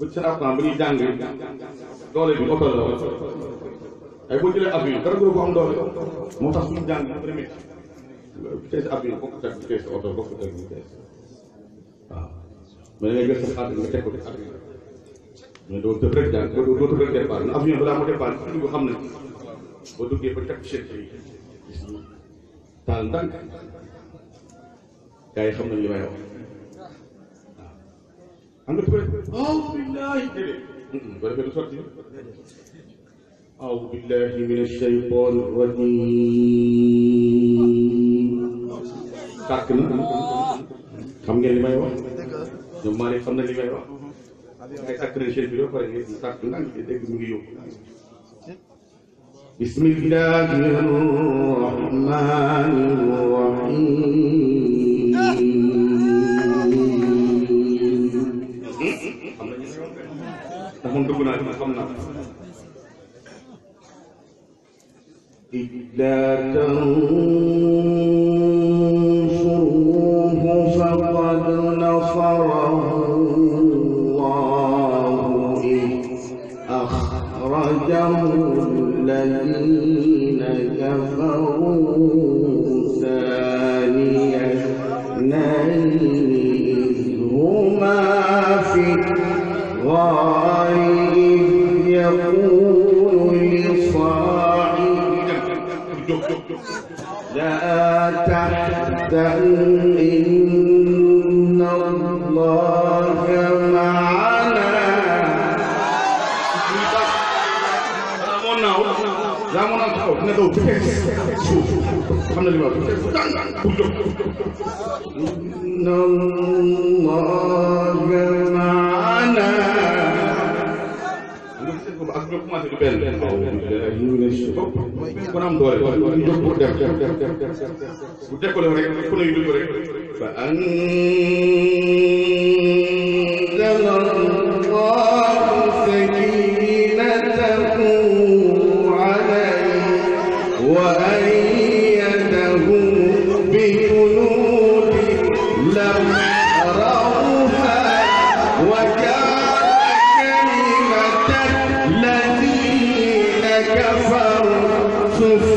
bu ci rafetlu ba ñuy jàng doole bi oto la waaye boo jëlee avion dara ko am doole moo tax suñu jàng dafa demee vitesse oto bokkut ak vitesse waaw mais da nga teg ko ci avion mais doo tëb rek jàng doo doo tëb rek moo départ ci dugg xam ne boo duggee ba teg chèque yi gis xam nañ li may am na ku bëri aawuzu billaahi déedéet bu ko defee du sotti aawuzu billaahi mina shaytaani rajiim tàkk na xam ngeen li may wax ñoom maa ne xam na li may wax ngay tàkk na chaise bi yoo pare ngeen tàkk na dégg mu ngi yóbbu bismillaahi rahmaani rahiim ndax man dugg naa ci xam naa إلا تنصروه فقد نصره الله إذ أخرجه الذين كفروا لا تحزن إن الله معنا jamono taxaw dina daw ci suuf xam na li ma wax ak ñoom commencé du benn benn benn kon am doole ñu jóg pour dem dem dem dem bu décollé rek ku ne yu dugg rek fa an وأن كفرتم